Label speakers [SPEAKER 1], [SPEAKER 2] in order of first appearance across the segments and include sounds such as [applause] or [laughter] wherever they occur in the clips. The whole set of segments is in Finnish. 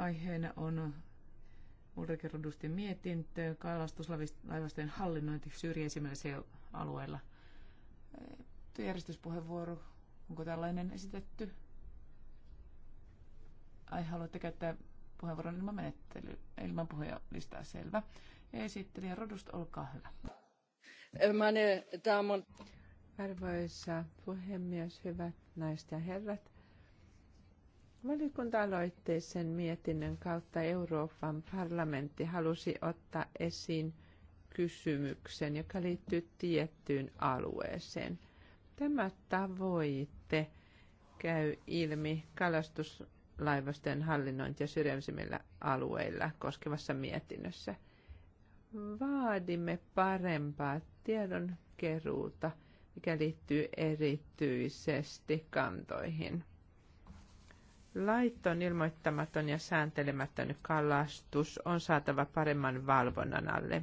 [SPEAKER 1] Aiheena on Ulrike mietintö kalastuslaivastojen hallinnointi syrjäisimmillä alueilla. Järjestyspuheenvuoro, onko tällainen esitetty? Ai, haluatte käyttää puheenvuoron ilman menettely, ilman puheenlistaa, selvä. Esittelijä Rodust, olkaa
[SPEAKER 2] hyvä. Meine Damen. Arvoisa puhemies, hyvät naiset ja herrat. Valiokunta-aloitteisen mietinnön kautta Euroopan parlamentti halusi ottaa esiin kysymyksen, joka liittyy tiettyyn alueeseen. Tämä tavoite käy ilmi kalastuslaivasten hallinnointia syrjäisimmillä alueilla koskevassa mietinnössä. Vaadimme parempaa tiedonkeruuta, mikä liittyy erityisesti kantoihin – Laiton, ilmoittamaton ja sääntelemätön kalastus on saatava paremman valvonnan alle.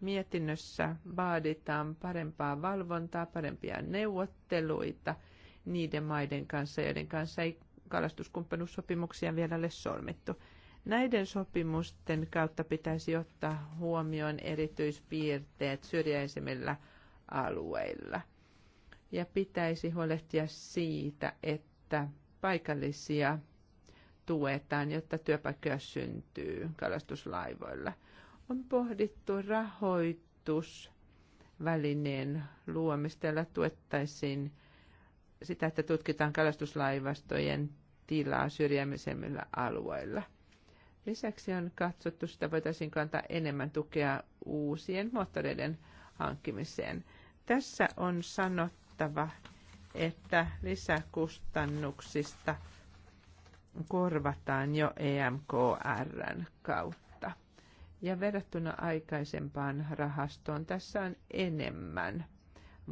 [SPEAKER 2] Mietinnössä vaaditaan parempaa valvontaa, parempia neuvotteluita niiden maiden kanssa, joiden kanssa ei kalastuskumppanuussopimuksia vielä ole solmittu. Näiden sopimusten kautta pitäisi ottaa huomioon erityispiirteet syrjäisemmillä alueilla. Ja pitäisi huolehtia siitä, että paikallisia tuetaan, jotta työpaikkoja syntyy kalastuslaivoilla. On pohdittu rahoitusvälineen luomista, jolla tuettaisiin sitä, että tutkitaan kalastuslaivastojen tilaa syrjäämisemmillä alueilla. Lisäksi on katsottu, että voitaisiin antaa enemmän tukea uusien moottoreiden hankkimiseen. Tässä on sanottava että lisäkustannuksista korvataan jo EMKRn kautta. Ja verrattuna aikaisempaan rahastoon tässä on enemmän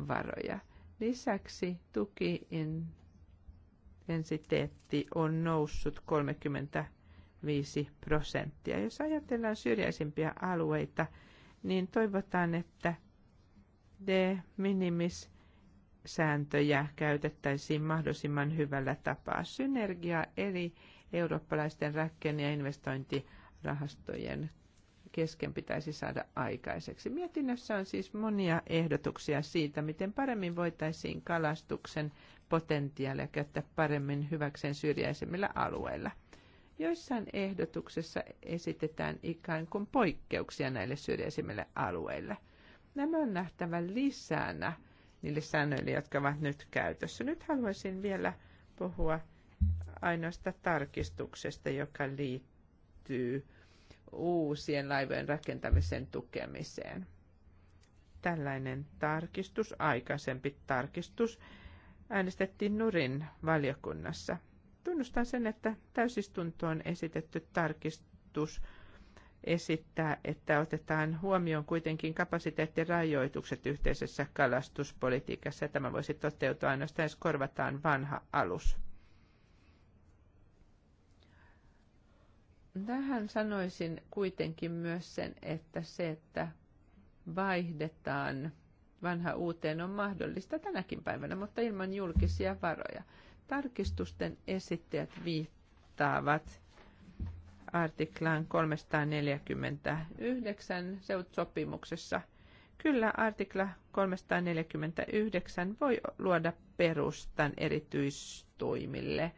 [SPEAKER 2] varoja. Lisäksi tukiintensiteetti on noussut 35 prosenttia. Jos ajatellaan syrjäisimpiä alueita, niin toivotaan, että de minimis sääntöjä käytettäisiin mahdollisimman hyvällä tapaa. Synergia eli eurooppalaisten räkkeen ja investointirahastojen kesken pitäisi saada aikaiseksi. Mietinnössä on siis monia ehdotuksia siitä, miten paremmin voitaisiin kalastuksen potentiaalia käyttää paremmin hyväkseen syrjäisemmillä alueilla. Joissain ehdotuksessa esitetään ikään kuin poikkeuksia näille syrjäisemmille alueille. Nämä on nähtävä lisänä – niille säännöille, jotka ovat nyt käytössä. Nyt haluaisin vielä puhua ainoasta tarkistuksesta, joka liittyy uusien laivojen rakentamisen tukemiseen. Tällainen tarkistus, aikaisempi tarkistus, äänestettiin Nurin valiokunnassa. Tunnustan sen, että täysistuntoon esitetty tarkistus – esittää, että otetaan huomioon kuitenkin kapasiteettirajoitukset yhteisessä kalastuspolitiikassa. Tämä voisi toteutua ainoastaan, jos korvataan vanha alus. Tähän sanoisin kuitenkin myös sen, että se, että vaihdetaan vanha uuteen on mahdollista tänäkin päivänä, mutta ilman julkisia varoja. Tarkistusten esittäjät viittaavat artiklaan 349 SEUT-sopimuksessa. Kyllä artikla 349 voi luoda perustan erityistoimille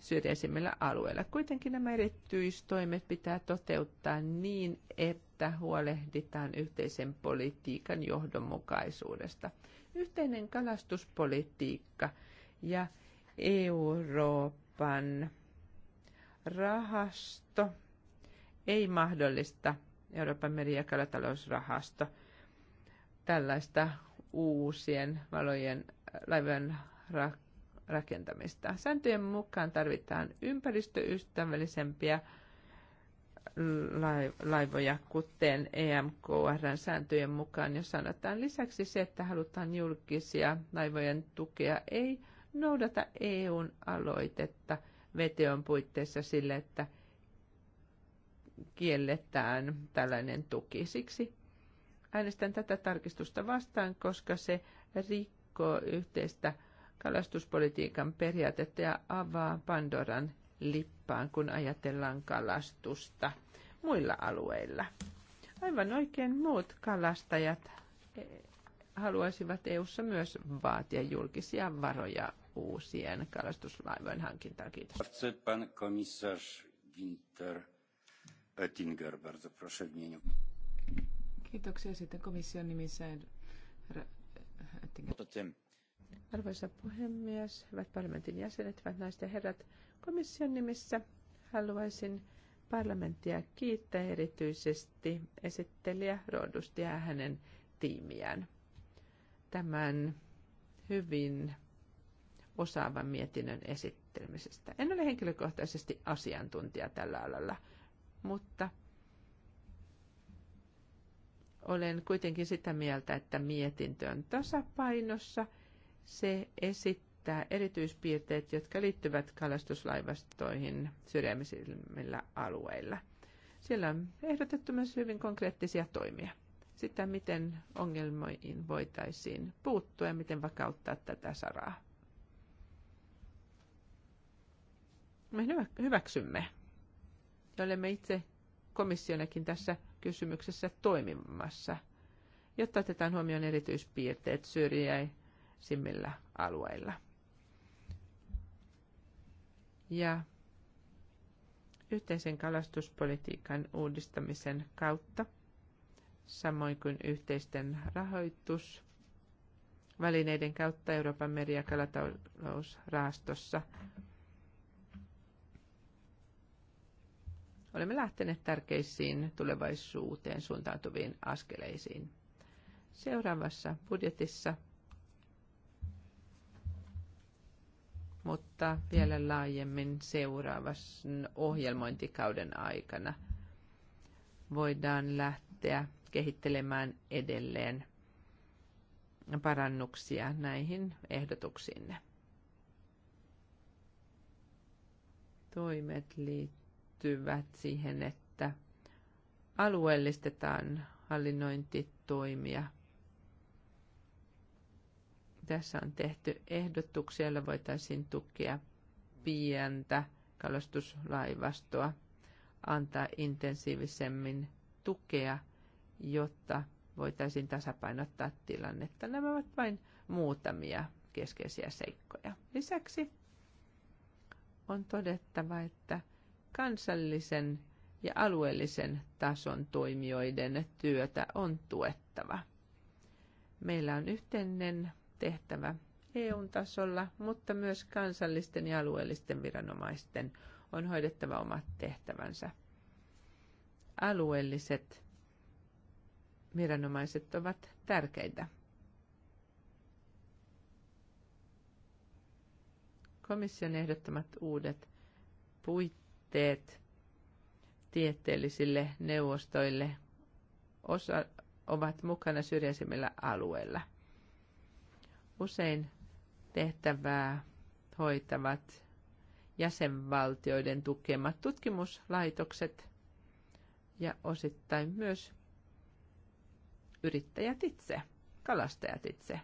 [SPEAKER 2] syrjäisimmillä alueilla. Kuitenkin nämä erityistoimet pitää toteuttaa niin, että huolehditaan yhteisen politiikan johdonmukaisuudesta. Yhteinen kalastuspolitiikka ja Euroopan rahasto ei mahdollista, Euroopan meri- ja kalatalousrahasto, tällaista uusien valojen laivojen ra- rakentamista. Sääntöjen mukaan tarvitaan ympäristöystävällisempiä laivoja, kuten emkr sääntöjen mukaan, jos sanotaan lisäksi se, että halutaan julkisia laivojen tukea, ei noudata EUn aloitetta – VTOn puitteissa sille, että kielletään tällainen tuki. Siksi äänestän tätä tarkistusta vastaan, koska se rikkoo yhteistä kalastuspolitiikan periaatetta ja avaa Pandoran lippaan, kun ajatellaan kalastusta muilla alueilla. Aivan oikein muut kalastajat eh, haluaisivat EU:ssa myös vaatia julkisia varoja uusien kalastuslaivojen hankintaa. Kiitos.
[SPEAKER 3] Pan komisarz Winter Oettinger, bardzo proszę w imieniu.
[SPEAKER 2] Kiitoksia sitten komission nimissä. Arvoisa puhemies, hyvät parlamentin jäsenet, hyvät naiset ja herrat, komission nimissä haluaisin parlamenttia kiittää erityisesti esittelijä Rodusti ja hänen tiimiään tämän hyvin osaavan mietinnön esittelemisestä. En ole henkilökohtaisesti asiantuntija tällä alalla, mutta olen kuitenkin sitä mieltä, että mietintö on tasapainossa. Se esittää erityispiirteet, jotka liittyvät kalastuslaivastoihin syrjäämisillä alueilla. Siellä on ehdotettu myös hyvin konkreettisia toimia. Sitä, miten ongelmoihin voitaisiin puuttua ja miten vakauttaa tätä saraa. me hyväksymme ja olemme itse komissionakin tässä kysymyksessä toimimassa, jotta otetaan huomioon erityispiirteet syrjäisimmillä alueilla. Ja yhteisen kalastuspolitiikan uudistamisen kautta, samoin kuin yhteisten rahoitusvälineiden kautta Euroopan meri- ja kalatalousrahastossa – Olemme lähteneet tärkeisiin tulevaisuuteen suuntautuviin askeleisiin. Seuraavassa budjetissa, mutta vielä laajemmin seuraavan ohjelmointikauden aikana voidaan lähteä kehittelemään edelleen parannuksia näihin ehdotuksiinne. Toimet liittyvät liittyvät siihen, että alueellistetaan hallinnointitoimia. Tässä on tehty ehdotuksia, joilla voitaisiin tukea pientä kalastuslaivastoa, antaa intensiivisemmin tukea, jotta voitaisiin tasapainottaa tilannetta. Nämä ovat vain muutamia keskeisiä seikkoja. Lisäksi on todettava, että kansallisen ja alueellisen tason toimijoiden työtä on tuettava. Meillä on yhteinen tehtävä EU-tasolla, mutta myös kansallisten ja alueellisten viranomaisten on hoidettava omat tehtävänsä. Alueelliset viranomaiset ovat tärkeitä. Komission ehdottamat uudet puitteet puitteet tieteellisille neuvostoille osa, ovat mukana syrjäisimmillä alueilla. Usein tehtävää hoitavat jäsenvaltioiden tukemat tutkimuslaitokset ja osittain myös yrittäjät itse, kalastajat itse.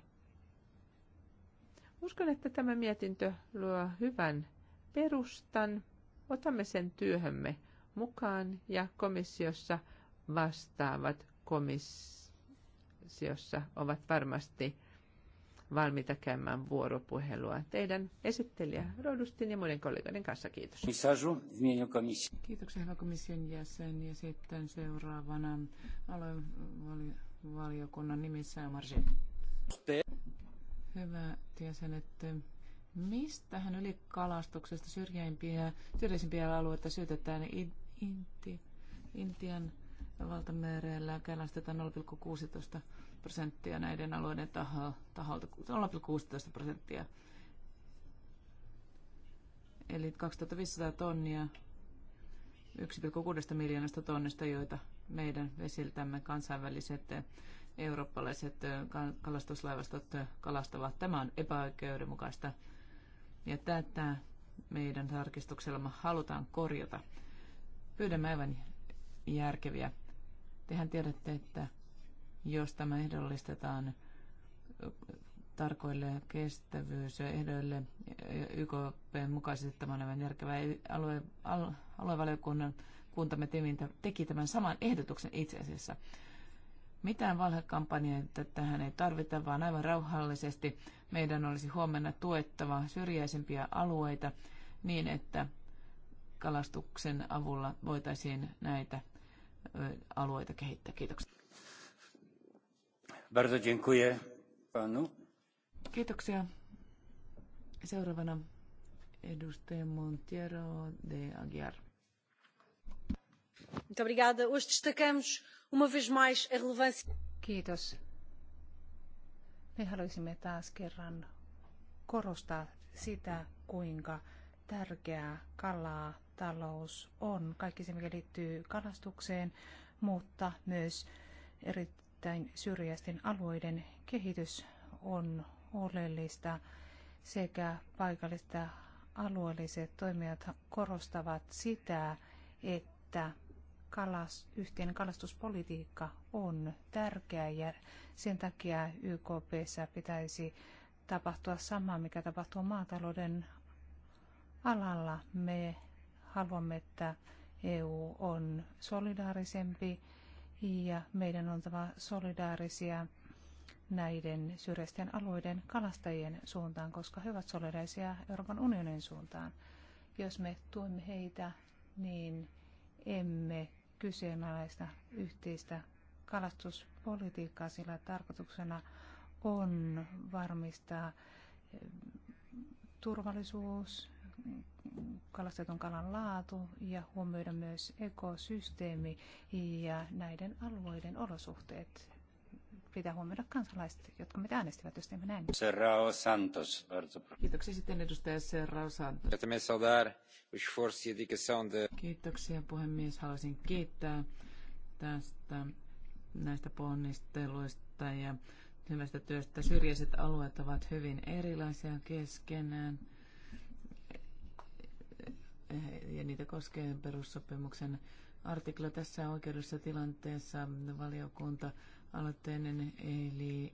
[SPEAKER 2] Uskon, että tämä mietintö luo hyvän perustan Otamme sen työhömme mukaan ja komissiossa vastaavat komissiossa ovat varmasti valmiita käymään vuoropuhelua teidän esittelijä Rodustin ja muiden kollegoiden
[SPEAKER 3] kanssa. Kiitos.
[SPEAKER 1] Kiitoksia hyvä komission jäsen ja sitten seuraavana aluevaliokunnan nimissä Marge. Hyvä jäsen, että Mistähän yli kalastuksesta syrjäisimpiä alueita syytetään Inti, Intian valtamerellä kalastetaan 0,16 prosenttia näiden alueiden taholta, 0,16 prosenttia. Eli 2500 tonnia 1,6 miljoonasta tonnista, joita meidän vesiltämme kansainväliset eurooppalaiset kalastuslaivastot kalastavat. Tämä on epäoikeudenmukaista ja tätä meidän tarkistuksella halutaan korjata. Pyydämme aivan järkeviä. Tehän tiedätte, että jos tämä ehdollistetaan tarkoille ehdoille YKP mukaisesti tämä on aivan järkevä alue, al, aluevaliokunnan kuntamme teki tämän saman ehdotuksen itse asiassa. Mitään valhekampanjoita tähän ei tarvita, vaan aivan rauhallisesti meidän olisi huomenna tuettava syrjäisempiä alueita niin, että kalastuksen avulla voitaisiin näitä alueita kehittää. Kiitoksia.
[SPEAKER 3] Bardzo dziękuję panu.
[SPEAKER 1] Kiitoksia. Seuraavana edustaja Montiero de Aguiar.
[SPEAKER 4] Kiitos. Me haluaisimme taas kerran korostaa sitä, kuinka tärkeää kalaa talous on. Kaikki se, mikä liittyy kalastukseen, mutta myös erittäin syrjäisten alueiden kehitys on oleellista sekä paikallista alueelliset toimijat korostavat sitä, että kalas, yhteinen kalastuspolitiikka on tärkeä ja sen takia YKPssä pitäisi tapahtua sama, mikä tapahtuu maatalouden alalla. Me haluamme, että EU on solidaarisempi ja meidän on oltava solidaarisia näiden syrjäisten alueiden kalastajien suuntaan, koska he ovat solidaarisia Euroopan unionin suuntaan. Jos me tuemme heitä, niin emme kyseenalaista yhteistä kalastuspolitiikkaa, sillä tarkoituksena on varmistaa eh, turvallisuus, kalastetun kalan laatu ja huomioida myös ekosysteemi ja näiden alueiden olosuhteet pitää huomioida kansalaiset, jotka meitä äänestivät, jos teemme näin.
[SPEAKER 3] Serrao Santos. Kiitoksia
[SPEAKER 4] sitten edustaja Serrao Santos. E Kiitoksia puhemies.
[SPEAKER 1] Haluaisin kiittää tästä näistä ponnisteluista ja hyvästä työstä. Syrjäiset alueet ovat hyvin erilaisia keskenään ja niitä koskee perussopimuksen artikla tässä oikeudessa tilanteessa valiokunta aloitteinen, eli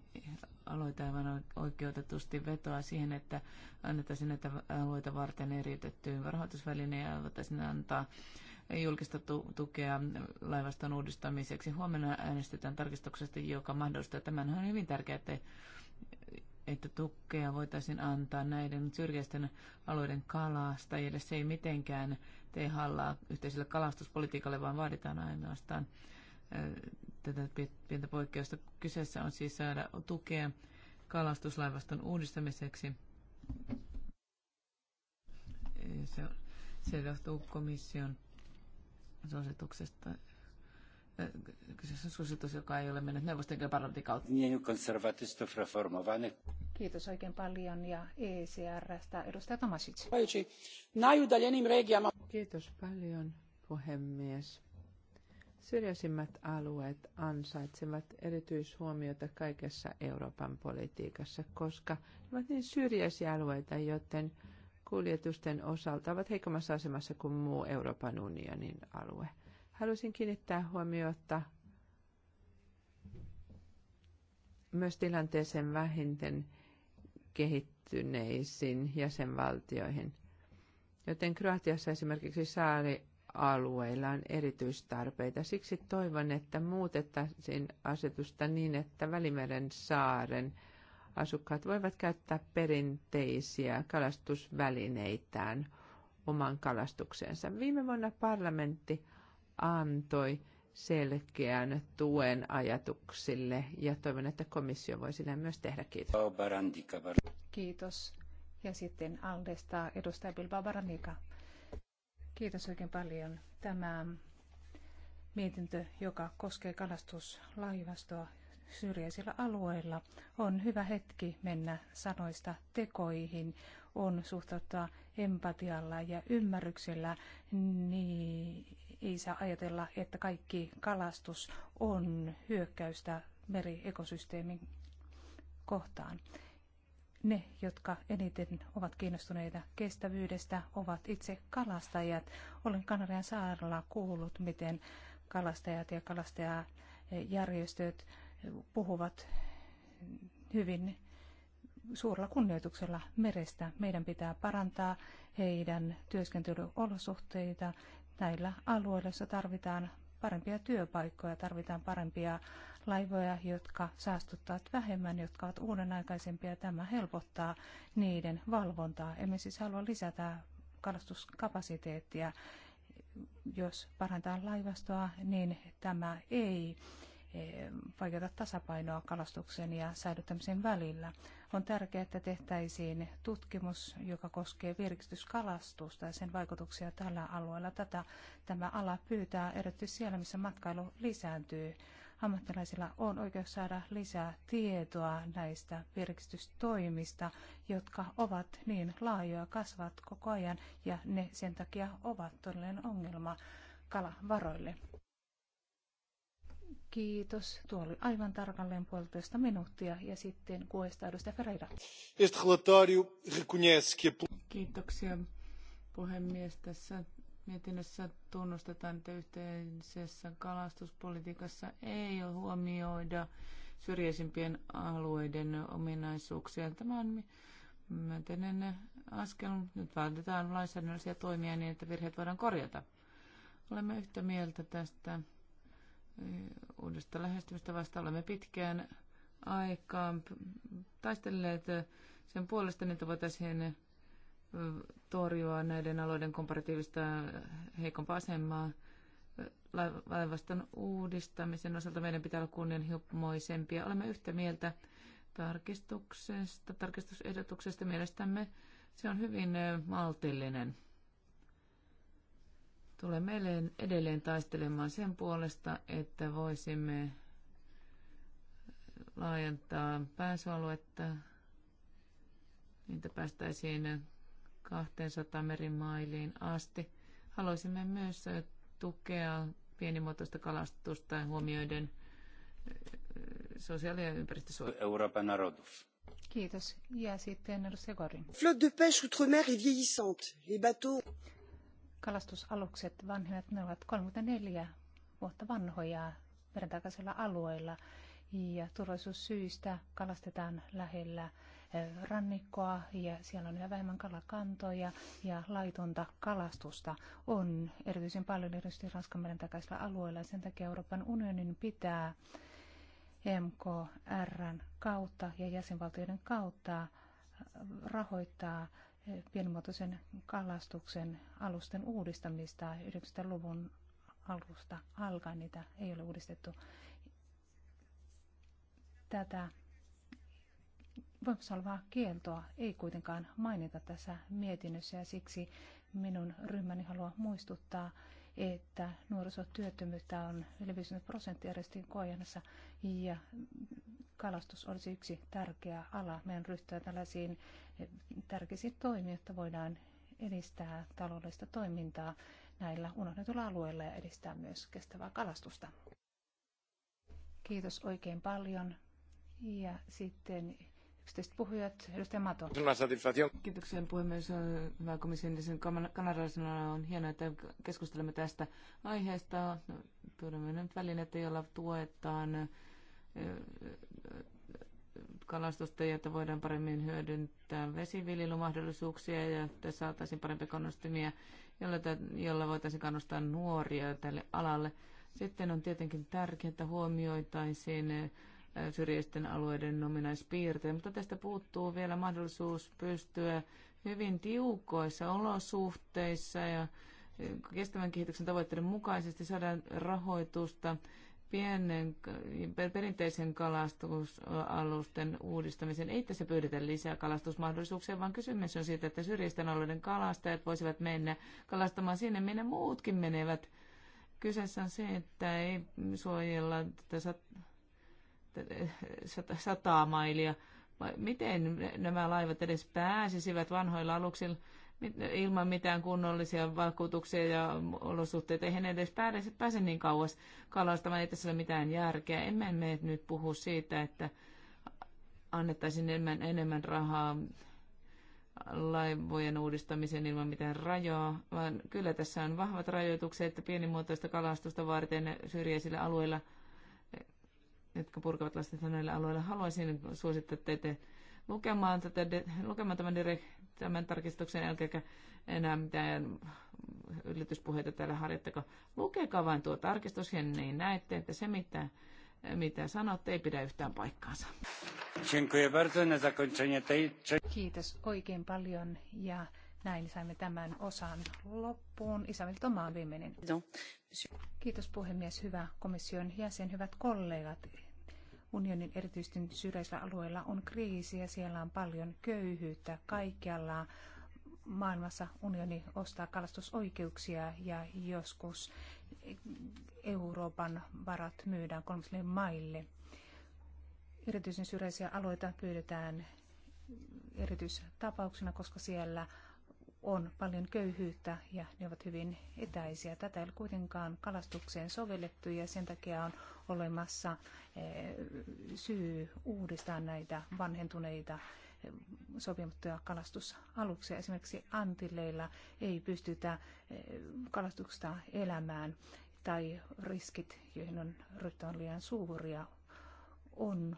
[SPEAKER 1] aloite aivan oikeutetusti vetoa siihen, että annettaisiin näitä alueita varten eriytetty rahoitusväline ja voitaisiin antaa julkista tu- tukea laivaston uudistamiseksi. Huomenna äänestetään tarkistuksesta, joka mahdollistaa tämän. On hyvin tärkeää, että, että tukea voitaisiin antaa näiden syrjäisten alueiden kalastajille. Se ei mitenkään tee hallaa yhteiselle kalastuspolitiikalle, vaan vaaditaan ainoastaan tätä pientä poikkeusta. Kyseessä on siis saada tukea kalastuslaivaston uudistamiseksi. Se, se johtuu komission
[SPEAKER 3] suosituksesta. Kyseessä on suositus, joka ei ole mennyt neuvoston eikä parlamentin kautta.
[SPEAKER 4] Kiitos oikein paljon ja ECRstä edustaja Tomasic. Kiitos paljon puhemies
[SPEAKER 2] Syrjäisimmät alueet ansaitsevat erityishuomiota kaikessa Euroopan politiikassa, koska ne ovat niin syrjäisiä alueita, joten kuljetusten osalta ovat heikommassa asemassa kuin muu Euroopan unionin alue. Haluaisin kiinnittää huomiota myös tilanteeseen vähiten kehittyneisiin jäsenvaltioihin. Joten Kroatiassa esimerkiksi saari alueilla on erityistarpeita. Siksi toivon, että muutettaisiin asetusta niin, että Välimeren saaren asukkaat voivat käyttää perinteisiä kalastusvälineitään oman kalastukseensa. Viime vuonna parlamentti antoi selkeän tuen ajatuksille ja toivon, että komissio voi sitä myös tehdä. Kiitos.
[SPEAKER 4] Kiitos. Ja sitten Aldesta edustaja Bilbao Baranika. Kiitos oikein paljon. Tämä mietintö, joka koskee kalastuslaivastoa syrjäisillä alueilla, on hyvä hetki mennä sanoista tekoihin, on suhtautua empatialla ja ymmärryksellä, niin ei saa ajatella, että kaikki kalastus on hyökkäystä meriekosysteemin kohtaan ne, jotka eniten ovat kiinnostuneita kestävyydestä, ovat itse kalastajat. Olen Kanarian saarella kuullut, miten kalastajat ja kalastajajärjestöt puhuvat hyvin suurella kunnioituksella merestä. Meidän pitää parantaa heidän työskentelyolosuhteita näillä alueilla, joissa tarvitaan parempia työpaikkoja, tarvitaan parempia laivoja, jotka saastuttavat vähemmän, jotka ovat uudenaikaisempia. Tämä helpottaa niiden valvontaa. Emme siis halua lisätä kalastuskapasiteettia. Jos parantaa laivastoa, niin tämä ei Eh, vaikeuta tasapainoa kalastuksen ja säilyttämisen välillä. On tärkeää, että tehtäisiin tutkimus, joka koskee virkistyskalastusta ja sen vaikutuksia tällä alueella. Tätä tämä ala pyytää erityisesti siellä, missä matkailu lisääntyy. Ammattilaisilla on oikeus saada lisää tietoa näistä virkistystoimista, jotka ovat niin laajoja, kasvavat koko ajan ja ne sen takia ovat todellinen ongelma kalavaroille. Kiitos. Tuo oli aivan tarkalleen puolitoista minuuttia ja sitten kuesta edustaja Ferreira.
[SPEAKER 3] Este relatorio reconhece que...
[SPEAKER 1] Kiitoksia puhemies. Tässä mietinnössä tunnustetaan, että yhteisessä kalastuspolitiikassa ei ole huomioida syrjäisimpien alueiden ominaisuuksia. Tämä on myönteinen askel. Nyt vältetään lainsäädännöllisiä toimia niin, että virheet voidaan korjata. Olemme yhtä mieltä tästä Mm, uudesta lähestymistä vasta. Olemme pitkään aikaan taistelleet sen puolesta, että voitaisiin torjua näiden aloiden komparatiivista heikompaa asemaa. Laivaston uudistamisen osalta meidän pitää olla kunnianhimoisempia. Olemme yhtä mieltä tarkistuksesta, tarkistusehdotuksesta. Mielestämme se on hyvin maltillinen meille edelleen taistelemaan sen puolesta, että voisimme laajentaa pääsyaluetta, niitä päästäisiin 200 merimailiin asti. Haluaisimme myös tukea pienimuotoista kalastusta huomioiden eh, sosiaali- ja ympäristösuojelua.
[SPEAKER 3] Euroopan narodów.
[SPEAKER 4] Kiitos. Ja sitten edustaja Flotte de pêche outre-mer est vieillissante. Les bateaux kalastusalukset vanhemmat, ne ovat 34 vuotta vanhoja merentakaisilla alueilla ja turvallisuussyistä kalastetaan lähellä eh, rannikkoa ja siellä on yhä vähemmän kalakantoja ja laitonta kalastusta on erityisen paljon erityisesti Ranskan takaisilla alueilla. Sen takia Euroopan unionin pitää MKRn kautta ja jäsenvaltioiden kautta eh, rahoittaa pienimuotoisen kalastuksen alusten uudistamista 90-luvun alusta alkaen. Niitä ei ole uudistettu. Tätä voimassa olevaa kieltoa ei kuitenkaan mainita tässä mietinnössä ja siksi minun ryhmäni haluaa muistuttaa, että nuorisotyöttömyyttä on yli 50 prosenttia järjestin koajanassa ja kalastus olisi yksi tärkeä ala. Meidän ryhtyä tällaisiin tärkeisiin toimiin, jotta voidaan edistää taloudellista toimintaa näillä unohdetuilla alueilla ja edistää myös kestävää kalastusta. Kiitos oikein paljon. Ja sitten yksityiset puhujat, edustaja Mato. Kiitoksia puhemies.
[SPEAKER 1] Hyvä komission jäsen kanadalaisena on hienoa, että keskustelemme tästä aiheesta. Pyydämme nyt välinettä, jolla tuetaan kalastusta, jotta voidaan paremmin hyödyntää vesiviljelumahdollisuuksia ja että saataisiin parempi kannustimia, jolla, jolla voitaisiin kannustaa nuoria tälle alalle. Sitten on tietenkin tärkeää, että huomioitaisiin eh, syrjäisten alueiden ominaispiirteet, mutta tästä puuttuu vielä mahdollisuus pystyä hyvin tiukoissa olosuhteissa ja eh, kestävän kehityksen tavoitteiden mukaisesti saadaan rahoitusta pienen perinteisen kalastusalusten uudistamisen. Ei tässä pyydetä lisää kalastusmahdollisuuksia, vaan kysymys on siitä, että syrjisten alueiden kalastajat voisivat mennä kalastamaan sinne, minne muutkin menevät. Kyseessä on se, että ei suojella tätä sat, eh, sata, sataa mailia. Miten nämä laivat edes pääsisivät vanhoilla aluksilla? ilman mitään kunnollisia vakuutuksia ja olosuhteita. Eihän edes pääse, pääse niin kauas kalastamaan, ei tässä ole mitään järkeä. Emme me nyt puhu siitä, että annettaisiin enemmän, enemmän rahaa laivojen uudistamiseen ilman mitään rajaa, vaan kyllä tässä on vahvat rajoitukset, että pienimuotoista kalastusta varten syrjäisillä alueilla, jotka purkavat lasten näillä alueilla, haluaisin suosittaa teitä lukemaan, tätä, lukemaan tämän tämän tarkistuksen jälkeen enää mitään yllätyspuheita täällä harjoittako. Lukekaa vain tuo tarkistus ja niin näette, että se mitä, mitä sanotte ei pidä yhtään paikkaansa.
[SPEAKER 4] Kiitos oikein paljon ja näin saimme tämän osan loppuun. Isabel Toma viimeinen. Kiitos puhemies, hyvä komission jäsen, hyvät kollegat unionin erityisesti syrjäisillä alueilla on kriisi ja siellä on paljon köyhyyttä kaikkialla maailmassa unioni ostaa kalastusoikeuksia ja joskus Euroopan varat myydään kolmasille maille. Erityisen syrjäisiä alueita pyydetään erityistapauksena, koska siellä on paljon köyhyyttä ja ne ovat hyvin etäisiä. Tätä ei ole kuitenkaan kalastukseen sovellettu ja sen takia on olemassa eh, syy uudistaa näitä vanhentuneita eh, sopimuttuja kalastusaluksia. Esimerkiksi Antilleilla ei pystytä eh, kalastuksesta elämään tai riskit, joihin on ryhtynyt liian suuria, on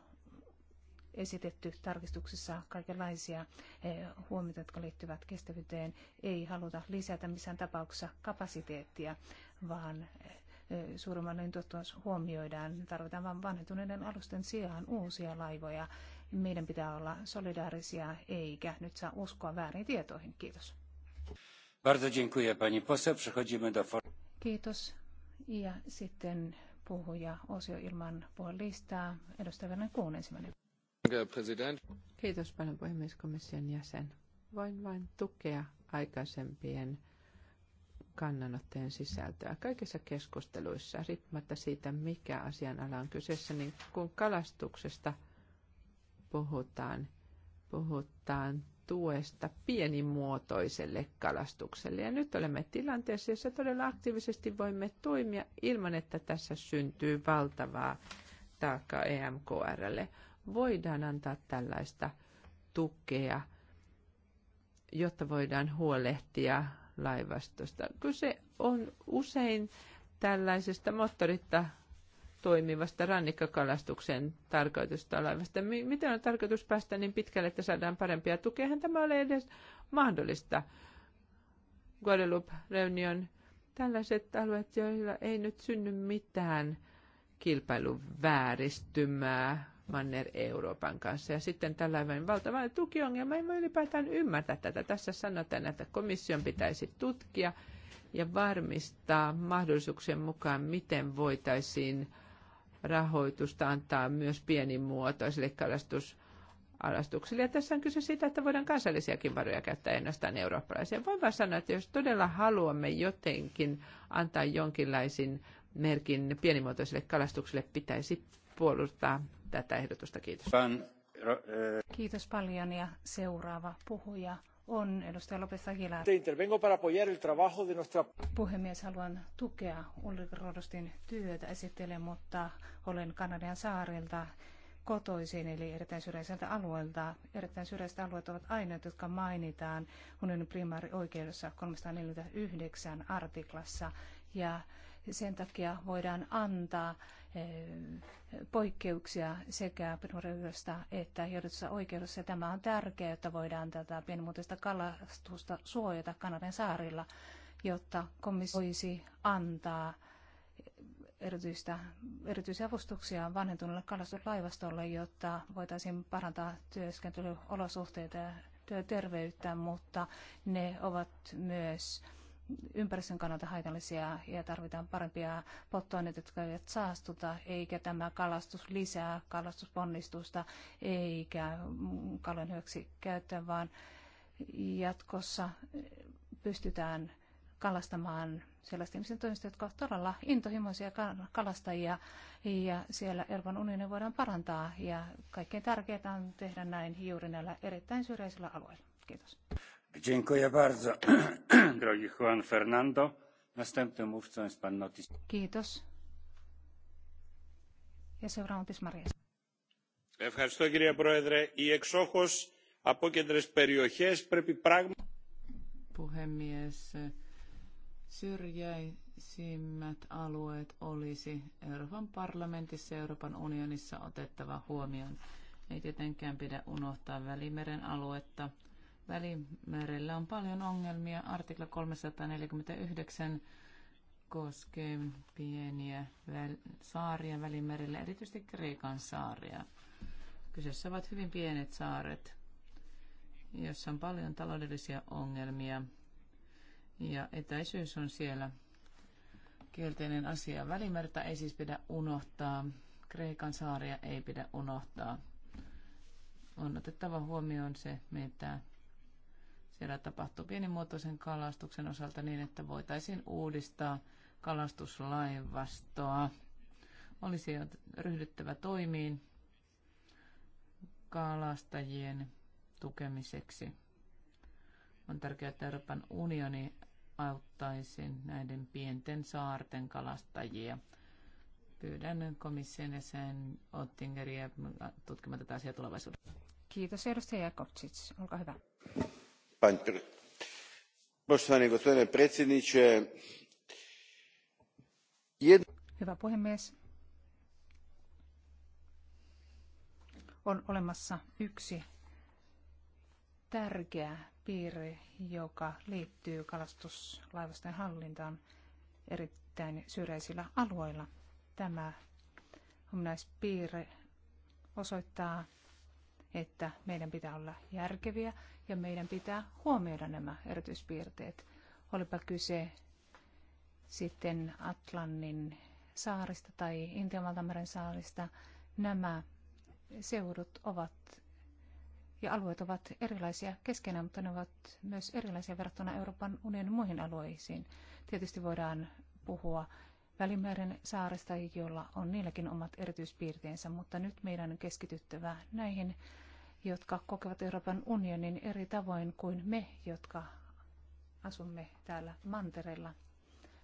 [SPEAKER 4] esitetty tarkistuksissa kaikenlaisia eh, huomioita, jotka liittyvät kestävyyteen. Ei haluta lisätä missään tapauksessa kapasiteettia, vaan eh, suurimman lentotuos huomioidaan. Tarvitaan vain vanhentuneiden alusten sijaan uusia laivoja. Meidän pitää olla solidaarisia eikä nyt saa uskoa väärin tietoihin. Kiitos. Kiitos. Ja sitten puhuja osio ilman puhelistaa. Edustaja kuun ensimmäinen. Kiitos paljon puhemieskomission jäsen. Voin vain tukea
[SPEAKER 2] aikaisempien kannanottojen sisältöä. Kaikissa keskusteluissa, riippumatta siitä, mikä asianala on kyseessä, niin kun kalastuksesta puhutaan, puhutaan tuesta pienimuotoiselle kalastukselle. Ja nyt olemme tilanteessa, jossa todella aktiivisesti voimme toimia ilman, että tässä syntyy valtavaa taakkaa EMKRlle voidaan antaa tällaista tukea, jotta voidaan huolehtia laivastosta. Kyse on usein tällaisesta moottoritta toimivasta rannikkakalastuksen tarkoitusta laivasta. Miten on tarkoitus päästä niin pitkälle, että saadaan parempia Hän tämä ole edes mahdollista. Guadeloupe, Reunion, tällaiset alueet, joilla ei nyt synny mitään kilpailuvääristymää Manner Euroopan kanssa. Ja sitten tällainen valtava tukiongelma, emme ylipäätään ymmärtää tätä. Tässä sanotaan, että komission pitäisi tutkia ja varmistaa mahdollisuuksien mukaan, miten voitaisiin rahoitusta antaa myös pienimuotoisille kalastus Ja tässä on kyse siitä, että voidaan kansallisiakin varoja käyttää ennastaan eurooppalaisia. Voin vaan sanoa, että jos todella haluamme jotenkin antaa jonkinlaisin merkin pienimuotoiselle kalastukselle, pitäisi puolustaa tätä ehdotusta. Kiitos.
[SPEAKER 4] Kiitos paljon ja seuraava puhuja on edustaja López Aguilar.
[SPEAKER 3] Intervengo para apoyar el trabajo de nuestra...
[SPEAKER 4] Puhemies, haluan tukea Ulrik Rodostin työtä esittele, mutta olen Kanadian saarilta kotoisin, eli erittäin syrjäiseltä alueelta. Erittäin syrjäiset alueet ovat aineet, jotka mainitaan unionin primaarioikeudessa 349 artiklassa. Ja sen takia voidaan antaa eh, poikkeuksia sekä penureudesta että johdotussa oikeudessa. Ja tämä on tärkeää, että voidaan tätä pienimuotoista kalastusta suojata Kanadan saarilla, jotta komissio voisi antaa erityistä, erityisavustuksia vanhentuneelle kalastuslaivastolle, jotta voitaisiin parantaa työskentelyolosuhteita ja työterveyttä, mutta ne ovat myös ympäristön kannalta haitallisia ja tarvitaan parempia polttoaineita, jotka eivät saastuta, eikä tämä kalastus lisää kalastusponnistusta eikä kalon hyöksi käyttöä, vaan jatkossa pystytään kalastamaan sellaisten ihmisten toimista, jotka ovat todella intohimoisia kalastajia ja siellä Euroopan unionin voidaan parantaa ja kaikkein tärkeintä on tehdä näin juuri näillä erittäin syrjäisillä alueilla. Kiitos. [clears throat] Kiitos.
[SPEAKER 3] κύριε Πρόεδρε. Οι εξόχως απόκεντρες περιοχές πρέπει πράγματι...
[SPEAKER 1] Puhemies, syrjäisimmät alueet olisi Euroopan parlamentissa ja Euroopan unionissa otettava huomioon. Ei tietenkään pidä unohtaa Välimeren aluetta, Välimerellä on paljon ongelmia. Artikla 349 koskee pieniä väl- saaria Välimerellä, erityisesti Kreikan saaria. Kyseessä ovat hyvin pienet saaret, joissa on paljon taloudellisia ongelmia ja etäisyys on siellä kielteinen asia. Välimerta ei siis pidä unohtaa. Kreikan saaria ei pidä unohtaa. On otettava huomioon se, mitä siellä tapahtuu pienimuotoisen kalastuksen osalta niin, että voitaisiin uudistaa kalastuslaivastoa. Olisi ryhdyttävä toimiin kalastajien tukemiseksi. On tärkeää, että Euroopan unioni auttaisi näiden pienten saarten kalastajia. Pyydän komission jäsen Ottingeria tutkimaan tätä asiaa
[SPEAKER 3] tulevaisuudessa.
[SPEAKER 4] Kiitos edustaja Jakobsits. Olkaa hyvä
[SPEAKER 3] gospodine predsjedniče
[SPEAKER 4] hyvä puhemies on olemassa yksi tärkeä piirre joka liittyy kalastuslaivastojen hallintaan erittäin syrjäisillä alueilla. Tämä ominaispiirre osoittaa, että meidän pitää olla järkeviä ja meidän pitää huomioida nämä erityispiirteet. Olipa kyse sitten Atlannin saarista tai Intian valtameren saarista, nämä seudut ovat ja alueet ovat erilaisia keskenään, mutta ne ovat myös erilaisia verrattuna Euroopan unionin muihin alueisiin. Tietysti voidaan puhua Välimeren saarista, joilla on niilläkin omat erityispiirteensä, mutta nyt meidän on keskityttävä näihin jotka kokevat Euroopan unionin eri tavoin kuin me, jotka asumme täällä mantereella.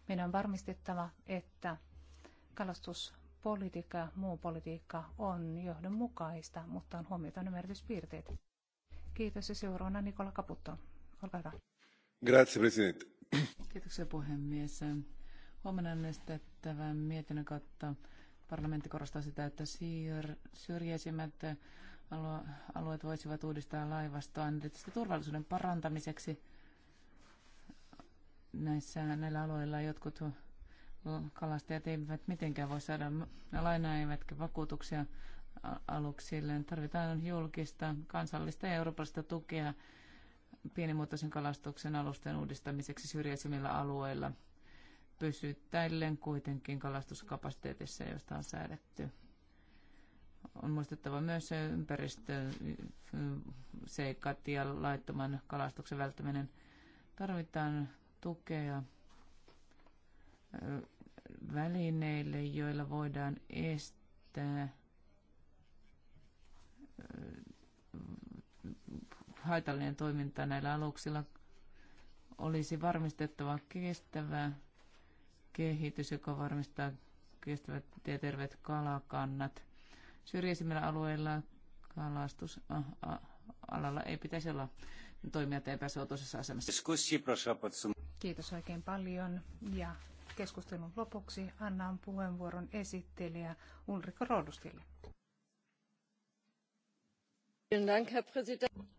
[SPEAKER 4] Meidän on varmistettava, että kalastuspolitiikka ja muu politiikka on johdonmukaista, mutta on huomioitava ne merkityspiirteet. Kiitos ja seuraavana Nikola Kaputto. Olkaa hyvä.
[SPEAKER 3] Grazie, Presidente.
[SPEAKER 4] Kiitoksia puhemies. Huomenna äänestettävän
[SPEAKER 1] mietinnön kautta parlamentti korostaa sitä, että syrjäisimmät alueet voisivat uudistaa laivastoa tietysti turvallisuuden parantamiseksi. Näissä, näillä alueilla jotkut kalastajat eivät mitenkään voi saada lainaa eivätkä vakuutuksia aluksilleen. Tarvitaan julkista, kansallista ja eurooppalaista tukea pienimuotoisen kalastuksen alusten uudistamiseksi syrjäisimmillä alueilla pysyttäillen kuitenkin kalastuskapasiteetissa, josta on säädetty. On muistettava myös ympäristöseikat ja laittoman kalastuksen välttäminen. Tarvitaan tukea välineille, joilla voidaan estää haitallinen toiminta näillä aluksilla. Olisi varmistettava kestävä kehitys, joka varmistaa kestävät ja terveet kalakannat. Syrjäisimmillä alueilla kalastusalalla ei pitäisi olla toimijat epäsuotuisessa asemassa.
[SPEAKER 4] Kiitos oikein paljon ja keskustelun lopuksi annan puheenvuoron esittelijä Ulrika Rodustille.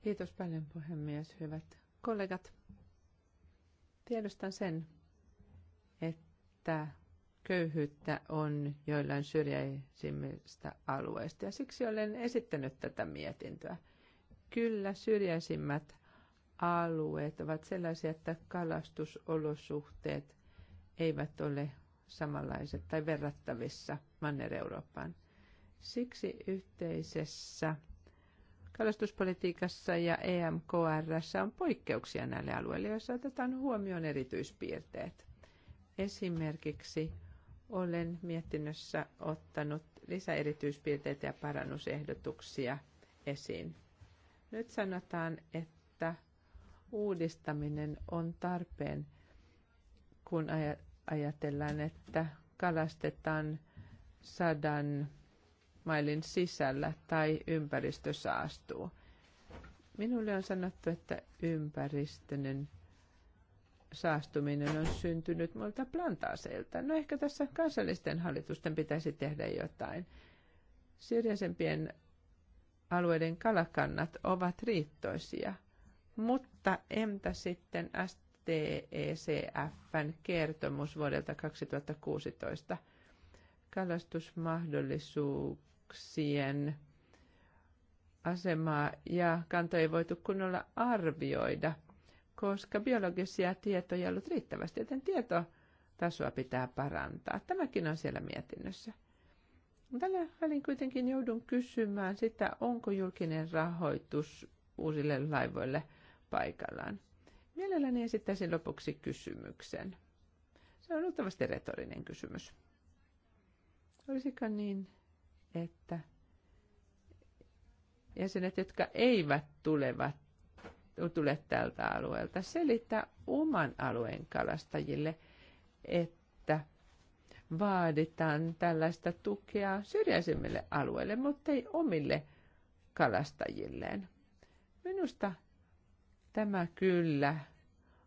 [SPEAKER 4] Kiitos paljon puhemies, hyvät kollegat.
[SPEAKER 2] Tiedostan sen, että köyhyyttä on joillain syrjäisimmistä alueista ja siksi olen esittänyt tätä mietintöä. Kyllä syrjäisimmät alueet ovat sellaisia, että kalastusolosuhteet eivät ole samanlaiset tai verrattavissa Manner-Eurooppaan. Siksi yhteisessä kalastuspolitiikassa ja EMKR on poikkeuksia näille alueille, joissa otetaan huomioon erityispiirteet. Esimerkiksi olen mietinnössä ottanut lisäerityispiirteitä ja parannusehdotuksia esiin. Nyt sanotaan, että uudistaminen on tarpeen, kun ajatellaan, että kalastetaan sadan mailin sisällä tai ympäristö saastuu. Minulle on sanottu, että ympäristönen saastuminen on syntynyt muilta plantaaseilta. No ehkä tässä kansallisten hallitusten pitäisi tehdä jotain. Syrjäisempien alueiden kalakannat ovat riittoisia, mutta entä sitten STECFn kertomus vuodelta 2016 kalastusmahdollisuuksien asemaa ja kantoja ei voitu kunnolla arvioida – koska biologisia tietoja ei ollut riittävästi, joten tietotasoa pitää parantaa. Tämäkin on siellä mietinnössä. Tällä välin kuitenkin joudun kysymään sitä, onko julkinen rahoitus uusille laivoille paikallaan. Mielelläni esittäisin lopuksi kysymyksen. Se on luultavasti retorinen kysymys. Olisiko niin, että jäsenet, jotka eivät tulevat tule tältä alueelta. Selittää oman alueen kalastajille, että vaaditaan tällaista tukea syrjäisimmille alueille, mutta ei omille kalastajilleen. Minusta tämä kyllä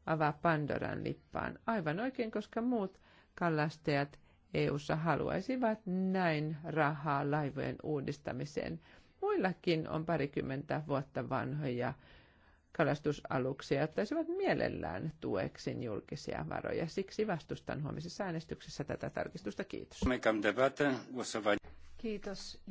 [SPEAKER 2] avaa Pandoran lippaan aivan oikein, koska muut kalastajat EU-ssa haluaisivat näin rahaa laivojen uudistamiseen. Muillakin on parikymmentä vuotta vanhoja kalastusaluksia ottaisivat mielellään tueksin julkisia varoja. Siksi vastustan huomisessa äänestyksessä tätä tarkistusta. Kiitos. Kiitos.